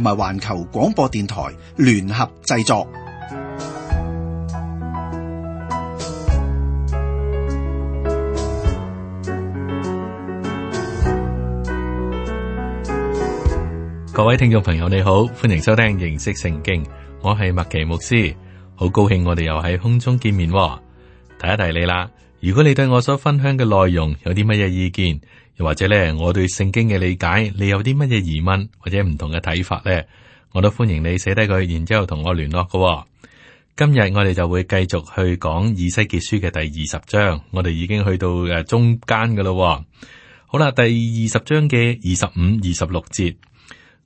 同埋環球廣播電台聯合製作。各位聽眾朋友，你好，歡迎收聽認識聖經，我係麥奇牧師，好高興我哋又喺空中見面。提一提你啦，如果你對我所分享嘅內容有啲乜嘢意見，或者咧，我對聖經嘅理解，你有啲乜嘢疑問或者唔同嘅睇法咧？我都歡迎你寫低佢，然之後同我聯絡嘅、哦。今日我哋就會繼續去講以西結書嘅第二十章，我哋已經去到誒中間嘅咯、哦。好啦，第二十章嘅二十五、二十六節，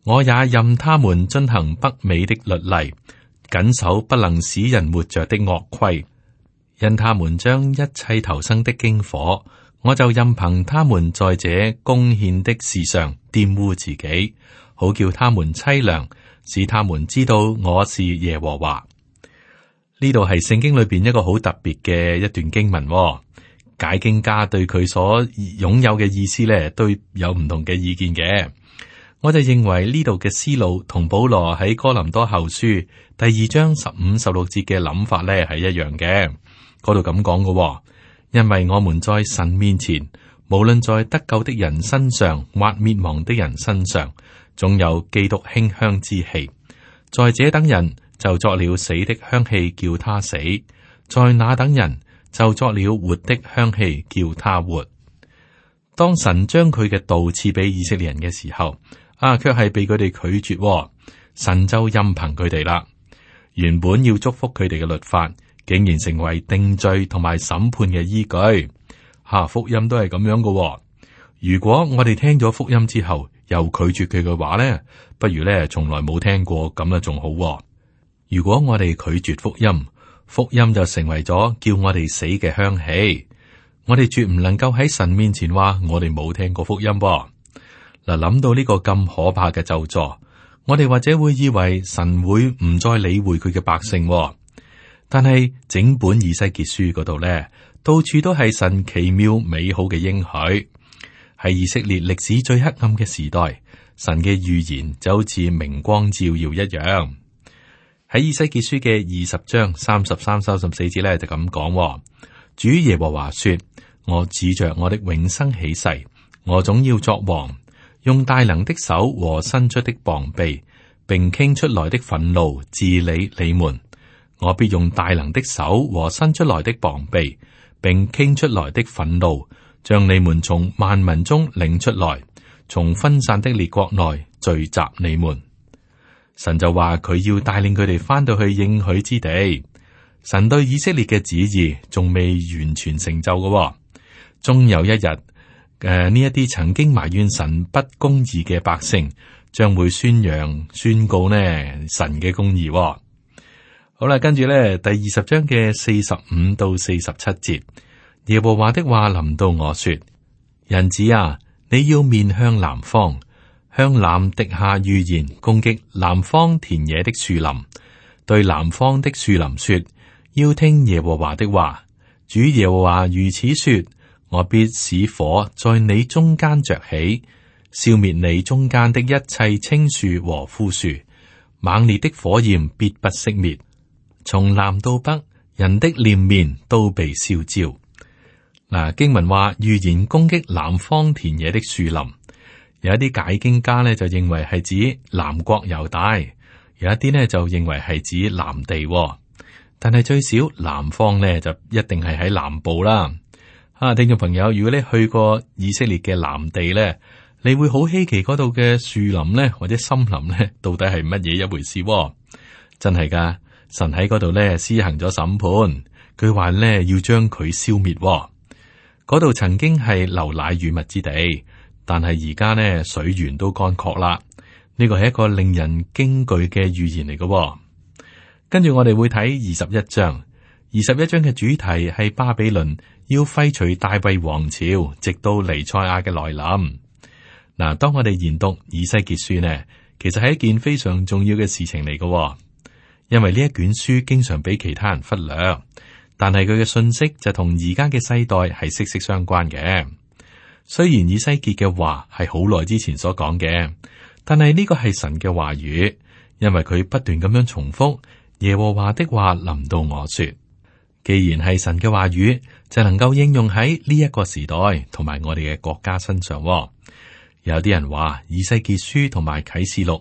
我也任他們遵行不美的律例，謹守不能使人活着的惡規，任他們將一切投生的經火。我就任憑他們在這供獻的事上玷污自己，好叫他們凄涼，使他們知道我是耶和華。呢度係聖經裏邊一個好特別嘅一段經文哦。解經家對佢所擁有嘅意思咧，都有唔同嘅意見嘅。我就認為呢度嘅思路同保羅喺哥林多後書第二章十五十六節嘅諗法咧係一樣嘅。嗰度咁講嘅。因為我們在神面前，無論在得救的人身上或滅亡的人身上，總有基督馨香之氣。在這等人就作了死的香氣，叫他死；在那等人就作了活的香氣，叫他活。當神將佢嘅道賜俾以色列人嘅時候，啊，卻係被佢哋拒絕。神就任憑佢哋啦。原本要祝福佢哋嘅律法。竟然成為定罪同埋審判嘅依據，吓福音都係咁樣嘅、哦。如果我哋聽咗福音之後，又拒絕佢嘅話咧，不如咧從來冇聽過咁啊，仲好、哦。如果我哋拒絕福音，福音就成為咗叫我哋死嘅香氣，我哋絕唔能夠喺神面前話我哋冇聽過福音、哦。嗱諗到呢個咁可怕嘅咒詛，我哋或者會以為神會唔再理會佢嘅百姓、哦。但係整本以西結書嗰度呢，到處都係神奇妙美好嘅應許，喺以色列歷史最黑暗嘅時代，神嘅預言就好似明光照耀一樣。喺以西結書嘅二十章三十三、三十四節呢，就咁講、哦：主耶和華說，我指着我的永生起誓，我總要作王，用大能的手和伸出的膀臂，並傾出來的憤怒治理你們。我必用大能的手和伸出來的膀臂，並傾出來的憤怒，將你們從萬民中領出來，從分散的列國內聚集你們。神就話佢要帶領佢哋翻到去應許之地。神對以色列嘅旨意仲未完全成就噶、哦，終有一日，誒呢一啲曾經埋怨神不公義嘅百姓，將會宣揚宣告呢神嘅公義、哦。好啦，跟住咧，第二十章嘅四十五到四十七節，耶和華的話臨到我說：人子啊，你要面向南方，向南滴下預言，攻擊南方田野的樹林，對南方的樹林說：要聽耶和華的話。主耶和華如此說：我必使火在你中間着起，消滅你中間的一切青樹和枯樹，猛烈的火焰必不熄滅。從南到北，人的臉面都被燒焦。嗱，經文話預言攻擊南方田野的樹林，有一啲解經家呢，就認為係指南國猶大，有一啲呢，就認為係指南地。但係最少南方呢，就一定係喺南部啦。啊，聽眾朋友，如果你去過以色列嘅南地呢，你會好稀奇嗰度嘅樹林呢，或者森林呢，到底係乜嘢一回事？真係噶。神喺嗰度咧施行咗審判，佢話咧要將佢消滅。嗰度曾經係流奶與蜜之地，但係而家呢，水源都乾涸啦。呢個係一個令人驚懼嘅預言嚟噶。跟住我哋會睇二十一章，二十一章嘅主題係巴比倫要廢除大衛王朝，直到尼賽亞嘅來臨。嗱，當我哋研讀以西結書呢，其實係一件非常重要嘅事情嚟噶。因為呢一卷書經常俾其他人忽略，但係佢嘅信息就同而家嘅世代係息息相關嘅。雖然以西結嘅話係好耐之前所講嘅，但係呢個係神嘅話語，因為佢不斷咁樣重複。耶和華的話臨到我說：既然係神嘅話語，就能夠應用喺呢一個時代同埋我哋嘅國家身上。有啲人話以西結書同埋啟示錄。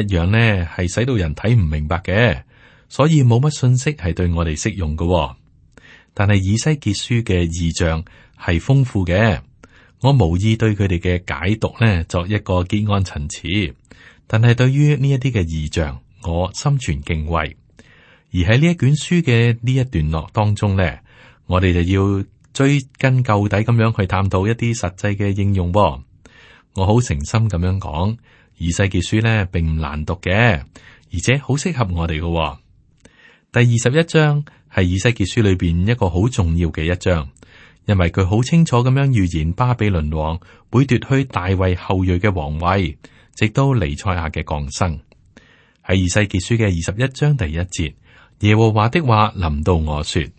一樣呢，係使到人睇唔明白嘅，所以冇乜信息係對我哋適用嘅，哦。但係以西結書嘅異象係豐富嘅，我無意對佢哋嘅解讀呢作一個結案陳詞。但係對於呢一啲嘅異象，我心存敬畏。而喺呢一卷書嘅呢一段落當中呢，我哋就要追根究底咁樣去探討一啲實際嘅應用，哦。我好誠心咁樣講。《以西結書》呢並唔難讀嘅，而且好適合我哋嘅。第二十一章係《以西結書》裏邊一個好重要嘅一章，因為佢好清楚咁樣預言巴比倫王會奪去大衛後裔嘅皇位，直到尼賽亞嘅降生。喺《以西結書》嘅二十一章第一節，耶和華的話臨到我說，喺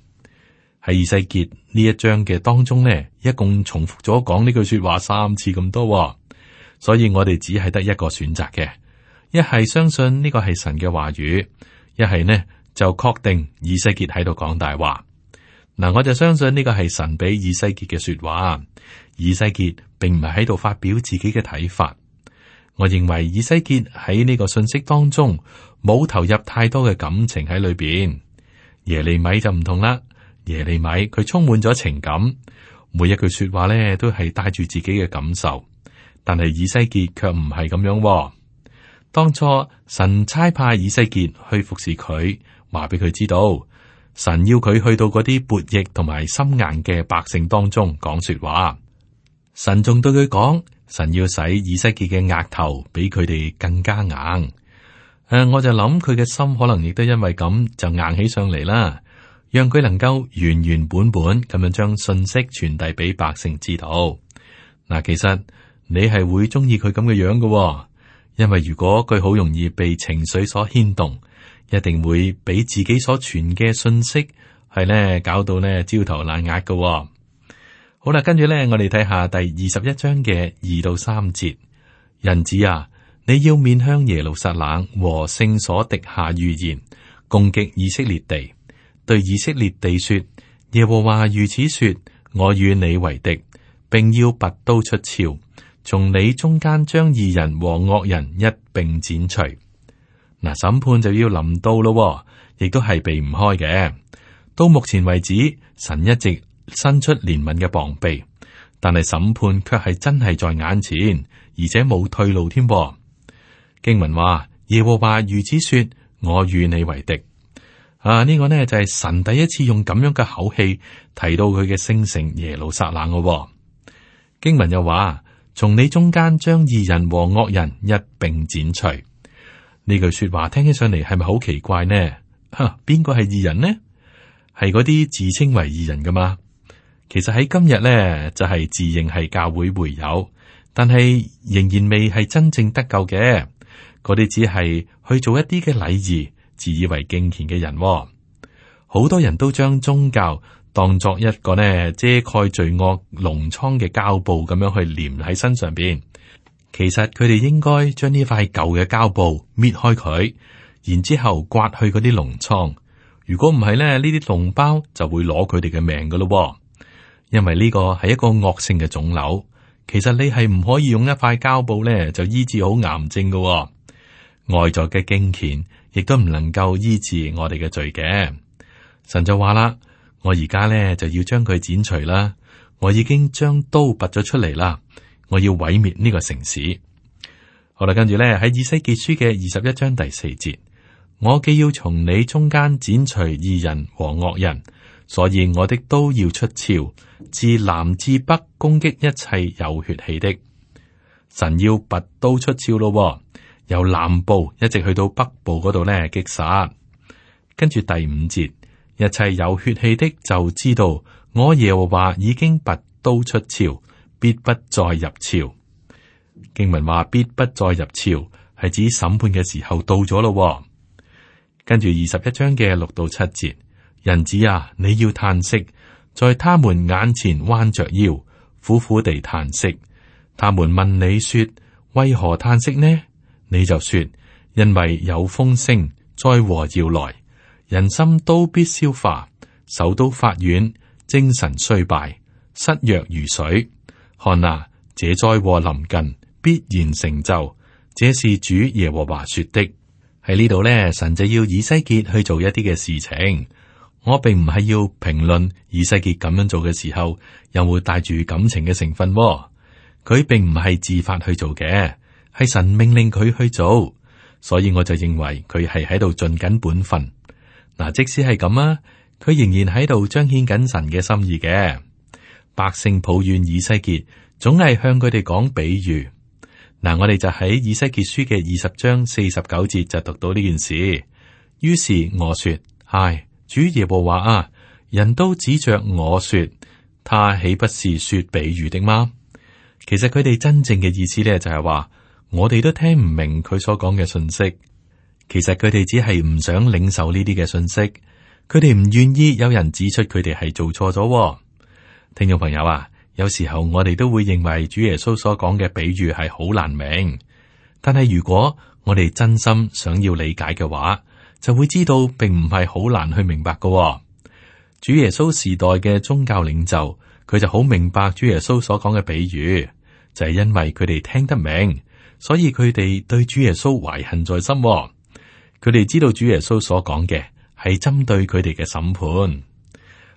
《以西結》呢一章嘅當中呢，一共重複咗講呢句說話三次咁多。所以我哋只係得一個選擇嘅，一係相信呢個係神嘅話語，一係呢就確定以西結喺度講大話。嗱，我就相信呢個係神俾以西結嘅說話。以西結並唔係喺度發表自己嘅睇法。我認為以西結喺呢個信息當中冇投入太多嘅感情喺裏邊。耶利米就唔同啦，耶利米佢充滿咗情感，每一句說話咧都係帶住自己嘅感受。但係以西結卻唔係咁樣、哦。當初神差派以西結去服侍佢，話俾佢知道神要佢去到嗰啲叛逆同埋心硬嘅百姓當中講說話。神仲對佢講，神要使以西結嘅額頭比佢哋更加硬。誒、呃，我就諗佢嘅心可能亦都因為咁就硬起上嚟啦，讓佢能夠原原本本咁樣將信息傳遞俾百姓知道。嗱、呃，其實。你係會中意佢咁嘅樣嘅、哦，因為如果佢好容易被情緒所牽動，一定會俾自己所傳嘅信息係呢搞到呢焦頭爛額嘅、哦。好啦，跟住呢，我哋睇下第二十一章嘅二到三節。人子啊，你要面向耶路撒冷和聖所滴下預言，攻擊以色列地，對以色列地說：「耶和華如此說，我與你為敵，並要拔刀出鞘。」從你中間將義人和惡人一併剪除。嗱，審判就要臨到咯，亦都係避唔開嘅。到目前為止，神一直伸出憐憫嘅膀臂，但係審判卻係真係在眼前，而且冇退路添噃。經文話：耶和華如此說，我與你為敵。啊，呢、這個呢就係、是、神第一次用咁樣嘅口氣提到佢嘅聖城耶路撒冷嘅。經文又話。從你中間將義人和惡人一併剪除。呢句說話聽起上嚟係咪好奇怪呢？哈、啊，邊個係義人呢？係嗰啲自稱為義人噶嘛？其實喺今日咧就係、是、自認係教會會友，但係仍然未係真正得救嘅。嗰啲只係去做一啲嘅禮儀，自以為敬虔嘅人、哦。好多人都將宗教。當作一個咧遮蓋罪惡膿瘡嘅膠布，咁樣去粘喺身上邊。其實佢哋應該將呢塊舊嘅膠布搣開佢，然之後刮去嗰啲膿瘡。如果唔係咧，呢啲膿包就會攞佢哋嘅命噶咯。因為呢個係一個惡性嘅腫瘤。其實你係唔可以用一塊膠布咧就醫治好癌症噶。外在嘅敬虔，亦都唔能夠醫治我哋嘅罪嘅。神就話啦。我而家咧就要將佢剪除啦，我已經將刀拔咗出嚟啦，我要毀滅呢個城市。好啦，跟住咧喺以西結書嘅二十一章第四節，我既要從你中間剪除義人和惡人，所以我的刀要出鞘，自南至北攻擊一切有血氣的。神要拔刀出鞘咯，由南部一直去到北部嗰度咧擊殺。跟住第五節。一切有血氣的就知道，我耶和華已經拔刀出鞘，必不再入鞘。經文話必不再入鞘，係指審判嘅時候到咗咯。跟住二十一章嘅六到七節，人子啊，你要嘆息，在他們眼前彎着腰，苦苦地嘆息。他們問你說：為何嘆息呢？你就說：因為有風聲，災禍要來。人心都必消化，手都發軟，精神衰敗，膝弱如水。看啊，這災禍臨近，必然成就。這是主耶和華說的。喺呢度咧，神就要以西結去做一啲嘅事情。我並唔係要評論以西結咁樣做嘅時候有冇帶住感情嘅成分。佢並唔係自發去做嘅，係神命令佢去做，所以我就認為佢係喺度盡緊本分。嗱，即使係咁啊，佢仍然喺度彰顯緊神嘅心意嘅。百姓抱怨以西結總係向佢哋講比喻。嗱、嗯，我哋就喺以西結書嘅二十章四十九節就讀到呢件事。於是我說：唉，主耶和華啊，人都指着我說，他豈不是說比喻的嗎？其實佢哋真正嘅意思咧，就係話我哋都聽唔明佢所講嘅信息。其實佢哋只係唔想領受呢啲嘅信息，佢哋唔願意有人指出佢哋係做錯咗喎。聽眾朋友啊，有時候我哋都會認為主耶穌所講嘅比喻係好難明，但係如果我哋真心想要理解嘅話，就會知道並唔係好難去明白㗎喎。噶主耶穌時代嘅宗教領袖佢就好明白主耶穌所講嘅比喻，就係因為佢哋聽得明，所以佢哋對主耶穌懷恨在心喎。佢哋知道主耶穌所講嘅係針對佢哋嘅審判。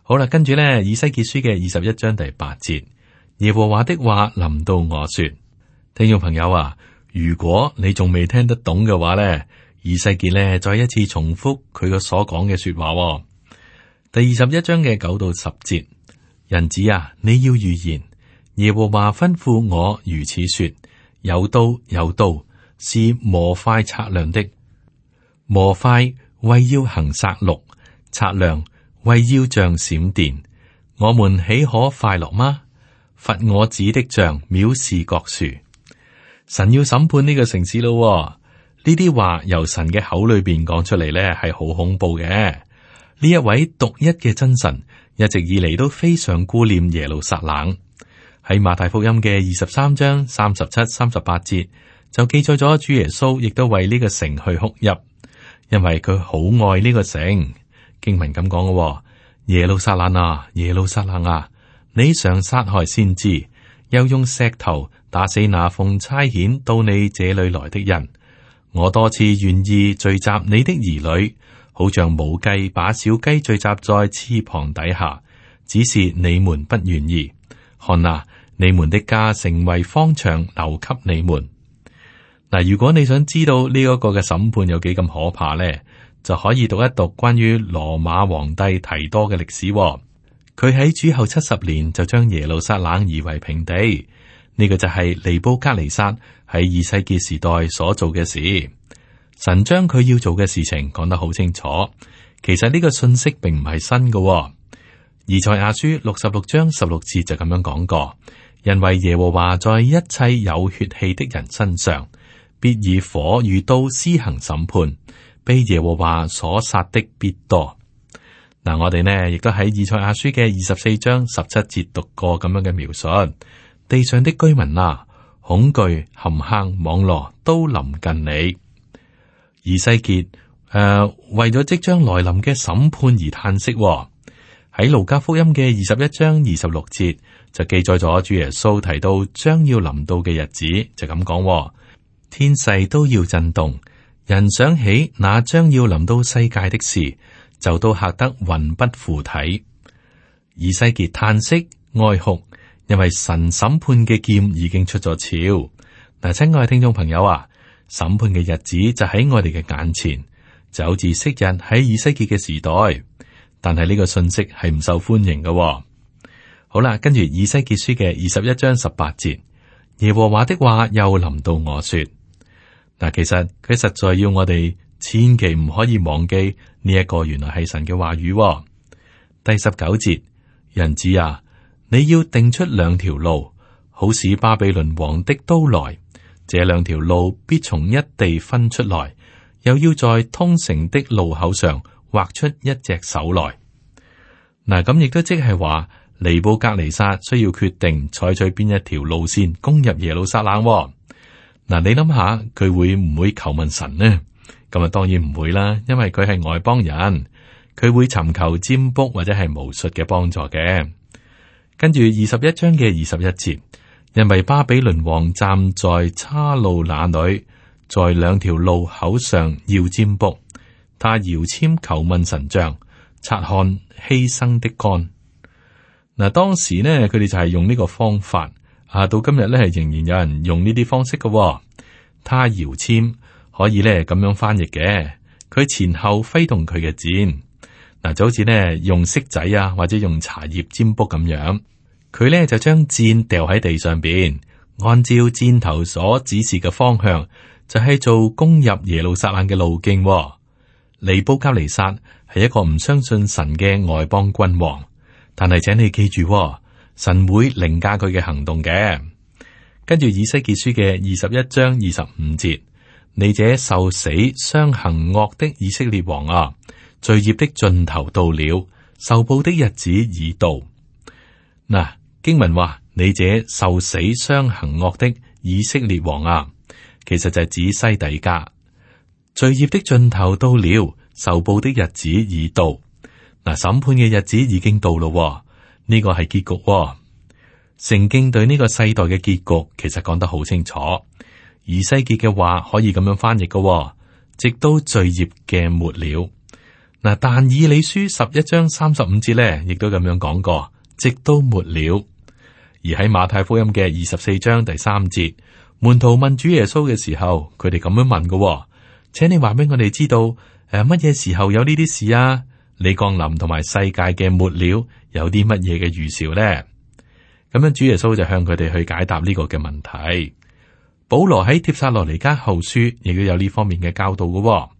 好啦，跟住咧，以西結書嘅二十一章第八節，耶和華的話臨到我說：聽眾朋友啊，如果你仲未聽得懂嘅話咧，以西結咧再一次重複佢嘅所講嘅說話。第二十一章嘅九到十節，人子啊，你要預言，耶和華吩咐我如此說：有刀，有刀，是磨快、擦亮的。磨快為腰行殺戮，擦亮為腰像閃電。我們豈可快樂嗎？佛我指的像藐視國樹。神要審判呢個城市咯。呢啲話由神嘅口裏邊講出嚟呢係好恐怖嘅。呢一位獨一嘅真神，一直以嚟都非常顧念耶路撒冷。喺馬太福音嘅二十三章三十七、三十八節就記載咗，主耶穌亦都為呢個城去哭泣。因為佢好愛呢個城，經文咁講嘅，耶路撒冷啊，耶路撒冷啊，你想殺害先知，又用石頭打死那奉差遣到你這裏來的人。我多次願意聚集你的兒女，好像母雞把小雞聚集在翅膀底下，只是你們不願意。看啊，你們的家成為荒場，留給你們。嗱，如果你想知道呢一個嘅審判有幾咁可怕咧，就可以讀一讀關於羅馬皇帝提多嘅歷史，哦。佢喺主後七十年就將耶路撒冷夷為平地。呢，這個就係尼布甲尼撒喺二世紀時代所做嘅事。神將佢要做嘅事情講得好清楚。其實呢個信息並唔係新嘅，哦，而在賽亞書六十六章十六節就咁樣講過，因為耶和華在一切有血氣的人身上，必以火與刀施行審判，被耶和華所殺的必多。嗱、啊，我哋呢亦都喺以賽亞書嘅二十四章十七節讀過咁樣嘅描述。地上的居民啊，恐懼、陷坑、網羅都臨近你。而西結誒，為咗即將來臨嘅審判而嘆息、哦。喺路加福音嘅二十一章二十六節就記載咗，主耶穌提到將要臨到嘅日子就咁講、哦。天勢都要震動，人想起那將要臨到世界的事，就都嚇得魂不附體。以西結嘆息、哀哭，因為神審判嘅劍已經出咗鞘。嗱，親愛嘅聽眾朋友啊，審判嘅日子就喺我哋嘅眼前，就好似昔日喺以西結嘅時代，但係呢個信息係唔受歡迎嘅喎。好啦，跟住以西結書嘅二十一章十八節，耶和華的話又臨到我說。嗱，其實佢實在要我哋千祈唔可以忘記呢一個原來係神嘅話語，哦。第十九節，人子啊，你要定出兩條路，好使巴比倫王的刀來。這兩條路必從一地分出來，又要在通城的路口上畫出一隻手來。嗱，啊，咁亦都即係話，尼布格尼撒需要決定採取邊一條路綫攻入耶路撒冷，哦。嗱，你諗下佢會唔會求問神呢？咁啊，當然唔會啦，因為佢係外邦人，佢會尋求占卜或者係巫術嘅幫助嘅。跟住二十一章嘅二十一節，因為巴比倫王站在岔路那裡，在兩條路口上要占卜，他搖籤求問神像，察看犧牲的肝。嗱，當時呢，佢哋就係用呢個方法。啊，到今日咧，仍然有人用呢啲方式噶、哦。他搖籤可以咧咁樣翻譯嘅。佢前後揮動佢嘅箭，嗱、啊、就好似咧用骰仔啊，或者用茶葉占卜咁樣。佢咧就將箭掉喺地上邊，按照箭頭所指示嘅方向，就係、是、做攻入耶路撒冷嘅路徑、哦。尼布加尼撒係一個唔相信神嘅外邦君王，但係請你記住、哦。神會凌駕佢嘅行動嘅，跟住以西結書嘅二十一章二十五節，你這受死傷行惡的以色列王啊，罪孽的盡頭到了，受報的日子已到。嗱、啊，經文話你這受死傷行惡的以色列王啊，其實就係指西底家，罪孽的盡頭到了，受報的日子已到。嗱、啊，審判嘅日子已經到咯、啊。呢個係結局喎，聖經對呢個世代嘅結局其實講得好清楚。而西結嘅話可以咁樣翻譯㗎喎，直到罪孽嘅末了。嗱，但以理書十一章三十五節咧，亦都咁樣講過，直到末了。而喺馬太福音嘅二十四章第三節，門徒問主耶穌嘅時候，佢哋咁樣問㗎喎，請你話俾我哋知道，誒、呃，乜嘢時候有呢啲事啊？你降臨同埋世界嘅末了。有啲乜嘢嘅預兆咧？咁樣主耶穌就向佢哋去解答呢個嘅問題。保羅喺帖撒羅尼加後書亦都有呢方面嘅教導噶。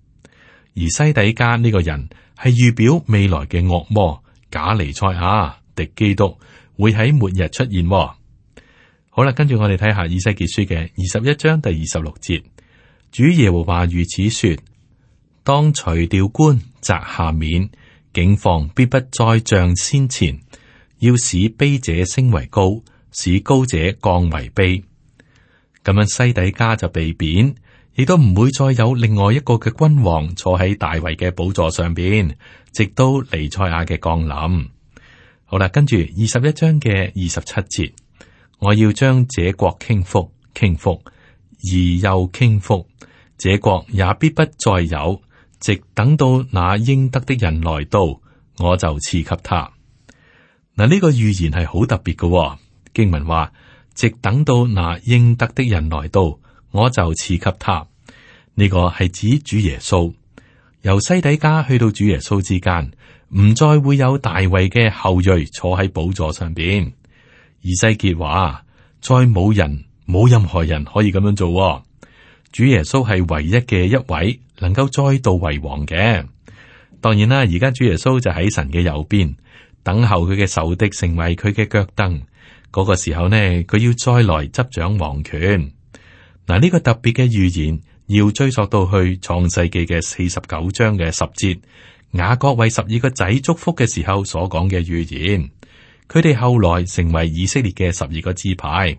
而西底家呢個人係預表未來嘅惡魔假彌賽亞敵基督會喺末日出現，哦。好啦，跟住我哋睇下以西結書嘅二十一章第二十六節，主耶和華如此說：當除掉冠，摘下冕。景況必不再像先前，要使卑者升為高，使高者降為卑。咁樣西底家就被貶，亦都唔會再有另外一個嘅君王坐喺大衛嘅寶座上邊，直到彌賽亞嘅降臨。好啦，跟住二十一章嘅二十七節，我要將這國傾覆，傾覆而又傾覆，這國也必不再有。直等到那應得的人來到，我就賜給他。嗱，呢個預言係好特別嘅、哦。經文話：直等到那應得的人來到，我就賜給他。呢、這個係指主耶穌。由西底家去到主耶穌之間，唔再會有大衛嘅後裔坐喺寶座上邊。以西結話：再冇人，冇任何人可以咁樣做、哦。主耶穌係唯一嘅一位。能夠再度為王嘅，當然啦。而家主耶穌就喺神嘅右邊等候佢嘅仇敵成為佢嘅腳凳。嗰、那個時候呢，佢要再來執掌王權。嗱、啊，呢、這個特別嘅預言要追溯到去創世紀嘅四十九章嘅十節，雅各為十二個仔祝福嘅時候所講嘅預言。佢哋後來成為以色列嘅十二個支派。」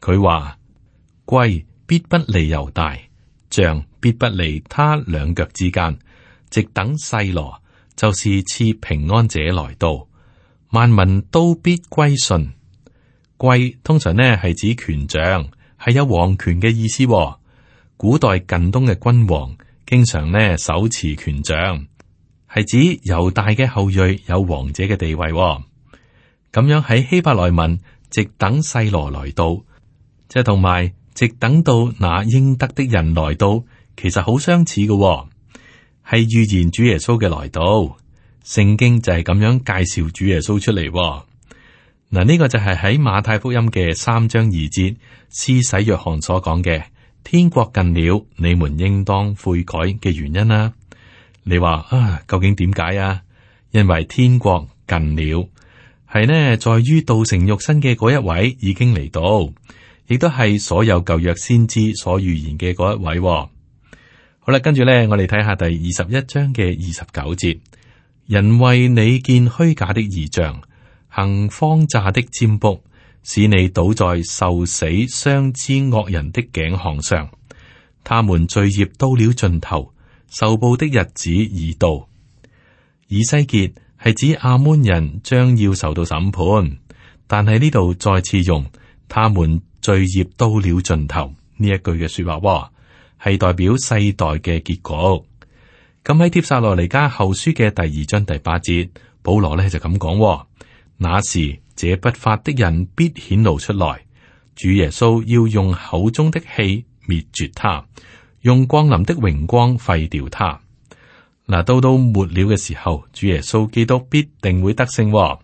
佢話：圭必不離猶大。杖必不離他兩腳之間，直等細羅，就是賜平安者來到，萬民都必歸順。圭通常呢係指權杖，係有王權嘅意思、哦。古代近東嘅君王，經常呢手持權杖，係指猶大嘅後裔有王者嘅地位、哦。咁樣喺希伯來文，直等細羅來到，即係同埋。直等到那應得的人來到，其實好相似嘅、哦，係預言主耶穌嘅來到。聖經就係咁樣介紹主耶穌出嚟、哦。嗱，呢個就係喺馬太福音嘅三章二節施洗約翰所講嘅天國近了，你們應當悔改嘅原因啦、啊。你話啊，究竟點解啊？因為天國近了，係呢在於道成肉身嘅嗰一位已經嚟到。亦都係所有舊約先知所預言嘅嗰一位、哦。好啦，跟住呢，我哋睇下第二十一章嘅二十九節。人為你見虛假的異象，行謊詐的占卜，使你倒在受死、傷的惡人的頸項上。他們罪孽到了盡頭，受報的日子已到。以西結係指亞捫人將要受到審判，但係呢度再次用他們。罪孽到了盡頭呢一句嘅說話，係代表世代嘅結果。咁喺帖薩羅尼加後書嘅第二章第八節，保羅咧就咁講：那時這不法的人必顯露出來，主耶穌要用口中的氣滅絕他，用光臨的榮光廢掉他。嗱，到到末了嘅時候，主耶穌基督必定會得勝。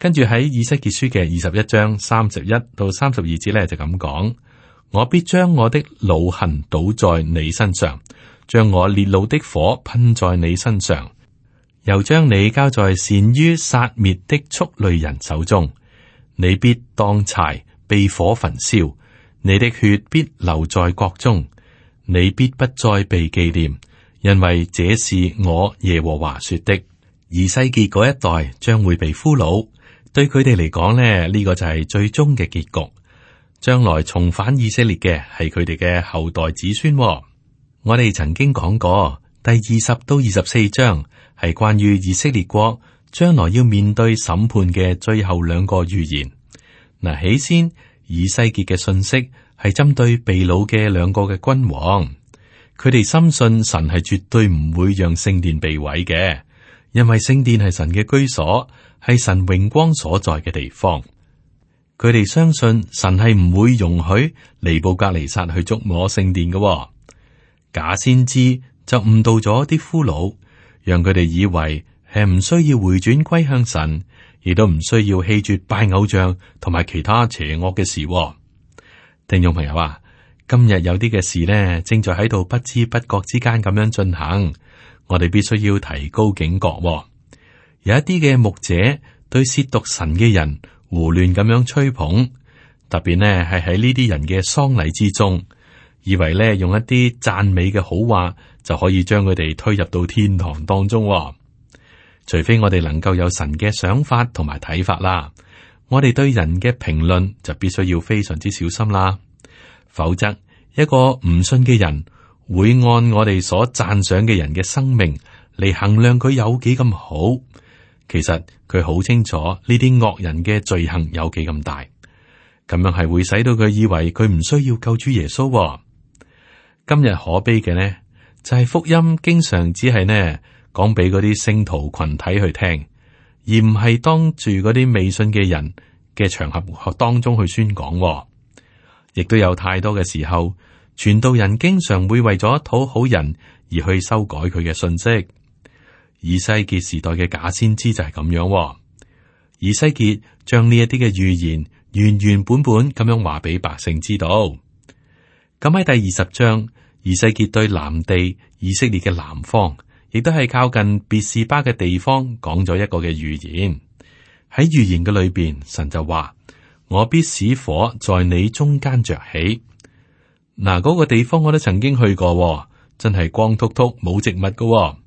跟住喺以西結書嘅二十一章三十一到三十二節咧就咁講：我必將我的惱恨倒在你身上，將我烈怒的火噴在你身上，又將你交在善於殺滅的畜類人手中。你必當柴被火焚燒，你的血必流在國中，你必不再被紀念，因為這是我耶和華說的。以西結嗰一代將會被俘虜。對佢哋嚟講咧，呢、呢個就係最終嘅結局。將來重返以色列嘅係佢哋嘅後代子孫。我哋曾經講過，第二十到二十四章係關於以色列國將來要面對審判嘅最後兩個預言。嗱，起先以西結嘅信息係針對被擄嘅兩個嘅君王，佢哋深信神係絕對唔會讓聖殿被毀嘅。因為聖殿係神嘅居所，係神榮光所在嘅地方。佢哋相信神係唔會容許尼布甲尼撒去捉摸聖殿嘅。哦，假先知就誤導咗啲俘虜，讓佢哋以為係唔需要回轉歸向神，亦都唔需要棄絕拜偶像同埋其他邪惡嘅事。哦，聽眾朋友啊，今日有啲嘅事呢，正在喺度，不知不覺之間咁樣進行。我哋必須要提高警覺，哦，有一啲嘅牧者對褻瀆神嘅人胡亂咁樣吹捧，特別呢係喺呢啲人嘅喪禮之中，以為呢用一啲讚美嘅好話就可以將佢哋推入到天堂當中，哦。除非我哋能夠有神嘅想法同埋睇法啦，我哋對人嘅評論就必須要非常之小心啦，否則一個唔信嘅人。會按我哋所讚賞嘅人嘅生命嚟衡量佢有幾咁好，其實佢好清楚呢啲惡人嘅罪行有幾咁大，咁樣係會使到佢以為佢唔需要救主耶穌，哦。今日可悲嘅呢，就係、是、福音經常只係呢講俾嗰啲聖徒群體去聽，而唔係當住嗰啲未信嘅人嘅場合當中去宣講，哦，亦都有太多嘅時候。傳道人經常會為咗討好人而去修改佢嘅信息，以西結時代嘅假先知就係咁樣、哦。以西結將呢一啲嘅預言原原本本咁樣話俾百姓知道。咁喺第二十章，以西結對南地以色列嘅南方，亦都係靠近別士巴嘅地方，講咗一個嘅預言。喺預言嘅裏邊，神就話：我必使火在你中間着起。嗱，嗰個地方我都曾經去過、哦，真係光禿禿冇植物嘅、哦。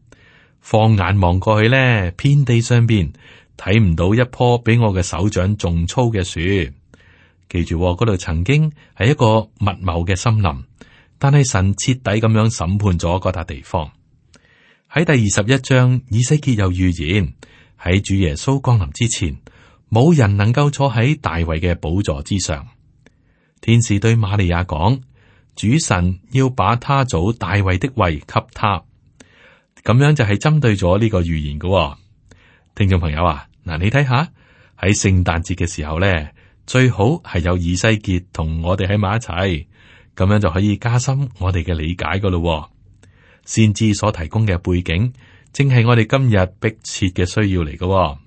放眼望過去咧，遍地上邊睇唔到一棵比我嘅手掌仲粗嘅樹。記住嗰、哦、度曾經係一個密茂嘅森林，但係神徹底咁樣審判咗嗰笪地方。喺第二十一章，以西結又預言喺主耶穌降臨之前，冇人能夠坐喺大衛嘅寶座之上。天使對瑪利亞講。主神要把他祖大衛的位給他，咁樣就係針對咗呢個預言嘅，哦。聽眾朋友啊，嗱你睇下喺聖誕節嘅時候咧，最好係有以西結同我哋喺埋一齊，咁樣就可以加深我哋嘅理解噶咯，哦。先知所提供嘅背景，正係我哋今日迫切嘅需要嚟嘅，哦。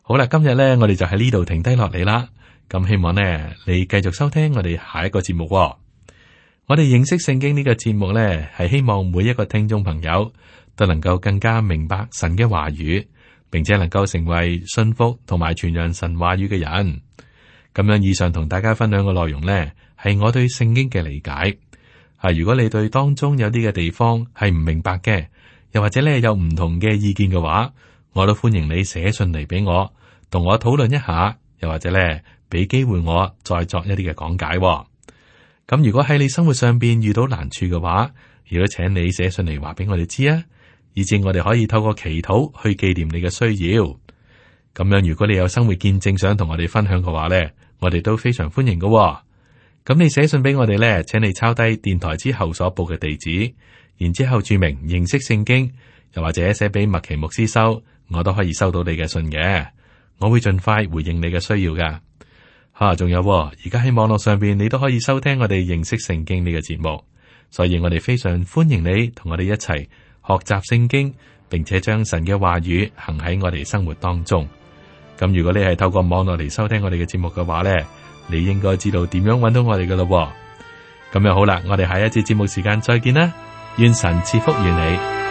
好啦，今日咧我哋就喺呢度停低落嚟啦。咁希望咧你繼續收聽我哋下一個節目，哦。我哋認識聖經呢個節目呢，係希望每一個聽眾朋友都能夠更加明白神嘅話語，並且能夠成為信服同埋傳揚神話語嘅人。咁樣以上同大家分享嘅內容呢，係我對聖經嘅理解。啊，如果你對當中有啲嘅地方係唔明白嘅，又或者咧有唔同嘅意見嘅話，我都歡迎你寫信嚟俾我，同我討論一下，又或者咧俾機會我再作一啲嘅講解哦。咁如果喺你生活上邊遇到難處嘅話，如果請你寫信嚟話俾我哋知啊，以至我哋可以透過祈禱去紀念你嘅需要。咁樣如果你有生活見證想同我哋分享嘅話咧，我哋都非常歡迎嘅哦。咁你寫信俾我哋咧，請你抄低電台之後所報嘅地址，然之後注明認識聖經，又或者寫俾麥奇牧師收，我都可以收到你嘅信嘅。我會盡快回應你嘅需要噶。啊，仲有而家喺網絡上邊，你都可以收聽我哋認識聖經呢個節目，所以我哋非常歡迎你同我哋一齊學習聖經，並且將神嘅話語行喺我哋生活當中。咁如果你係透過網絡嚟收聽我哋嘅節目嘅話咧，你應該知道點樣揾到我哋噶啦。咁又好啦，我哋下一次節目時間再見啦，願神賜福於你。